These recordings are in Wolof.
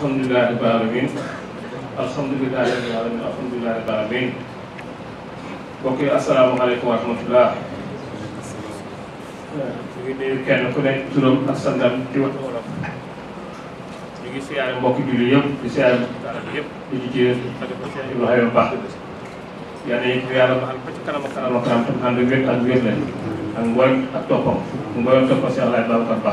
alhamdulilah rabbil alamin alhamdulilah rabbil alamin alhamdulilah rabbil alamin mbokk yi asalaamaaleykum wa rahmatullah ñu ngi nuyu kenn ku nekk turam ak santam ci wax wolof ñu ngi siyaare mbokk julli yëpp di siyaare mbokk yëpp di ci jiir Ibrahima Ba yàlla yëpp yàlla ba xam ci kanam ak kanam ak kanam tam ànd wér ak wér la ak ngooñ ak toppam ngooñ toppam si Alaay Babacar Ba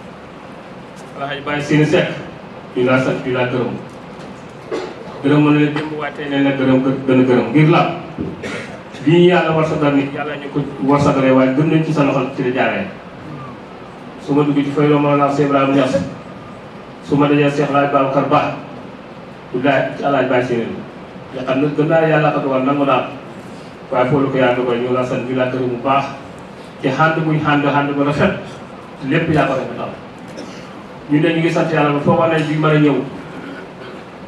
Alxaaj Baay Seyni Seck ñu laa sant ñu laa gërëm na leen gërëm gën a gërëm la lii ñu yàlla war sagal nit yàlla ko war sagalee waaye gëm nañ ci san loxo ci la jaaree su ma dugg ci fay loo mën naa Cheikh Ibrahima Niass su ma dajee Cheikh Laaj Babacar Ba du laaj ci Alxaaj Baay Seyni ya xam ne gën naa yàlla ko war nangu waaye foofu la ko yàlla dogal ñu laa sant ñu laa gërëm bu baax te xànd buñ xànd xànd ba rafet lépp yaa ko rafetal ñu ne ñu ngi sant yàlla ba foogoon nañ bi mën a ñëw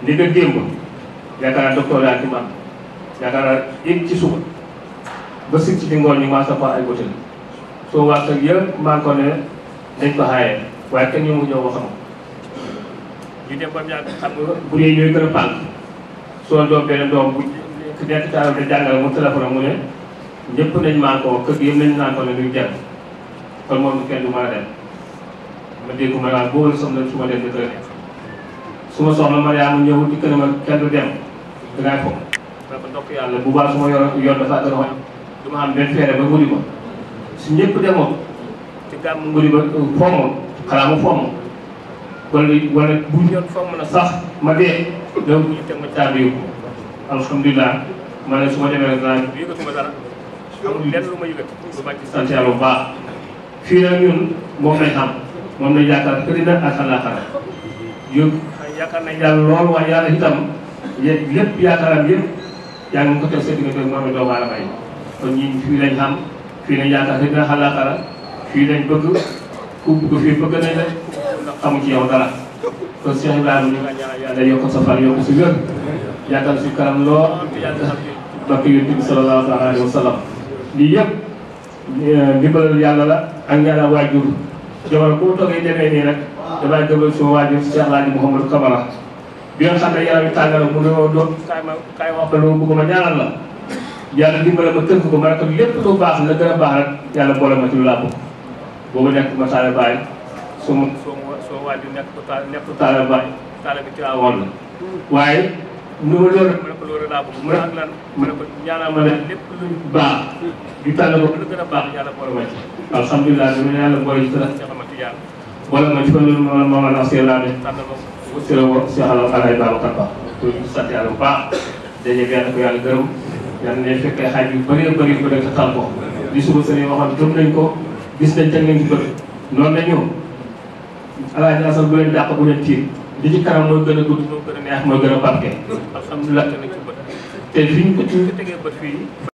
li nga démb yaakaar naa docteur yaa ci man yaakaar naa ci suba ba si ci ngoon ñu maa safa ay hôtel soo wax ak yëpp maa ne dañ ko waaye kenn ñu ñëw waxam xam nga bu dee ñooy a pànk soo doom benn doom bu nekk ci àll bi jàngale mu téléphone mu ne ñëpp nañ maa kër yëpp nañ naan ko ne duñ dem kon moom kenn du mën dem ma dégg Mariama boo woon soxla su ma def dëkk la nekk su ma soxla Mariama ñëw dikk na ma kenn dem dangay foog ma ko ndokk yàlla bu baax su ma yor yoon dafa gën a wàññi du ma am benn feere ba nguri ba su ñëpp demoon te gàmm nguri ba euh, foomoon xanaa ma foomoon wala wala bu ñu yoon foom na sax ma dee dama bu ñu teg ma caabi yóbbu alhamdulilah ma ne su ma demee rek danaa yëgatuma dara amul lenn lu ma yëgat lu ma ci sant yàlla bu baax fii nag ñun moom lañ xam moom lañ yaakaar këri na ak àllaaxara yóbbu yaakaar nañ yàlla lool waaye yàlla itam lépp yaakaaram yëpp yaa moom i doomu aadama yi kon fii lañ bëgg ku bëgg fii bëgg nañ la ndax ci yow dara kon Cheikh Ibrahima yokk sa fan yokk si wér yaakaar si kanam loo bakk yonent bi sallallahu alayhi wa sallam lii yëpp eh, ndimbalal yàlla la ak ñaanal waajur jamono bu mu toogee demee nii nag damay déglu suma waajur Cheikh Laaji Mouhamadou Kamara bi nga xam ne yaram yi tàngal mu ne ma doon kaay ma kaay ma wax la loolu bëgg ma a la yàlla dimbale ma tënk ko ma ne ko lépp lu la gën a baax rek yàlla boole nekk ma taale baay suma suma waajur nekk taale nekk taale baay taale bi ci waaye mu ma loolu mu ne ko loolu laa bëgg mu ne ak lan mu ne ko ñaanal ma leen lépp lu baax di tànn ko lu gën a baax yàlla boole ma ci alhamdulilah bi ma yàlla boole ci la xamante yàlla boole ma ci ko loolu moom moom la si laa ne tànn ma wëssi la wo si xalal alay baax kat baax ko sant yàlla bu baax daje bi yàlla ko yàlla gërëm yàlla ne fekkee xaaj yu bëree bëri ko def xam ko li suba sëriñ waxoon gëm nañ ko gis nañ teg nañ ci bëri noonu la ñëw alaaji asal bu leen dàq bu leen tiir li ci kanam mooy gën a gudd moo gën a neex mooy gën a barke alhamdulilah te liñ ko ci tegee bët fii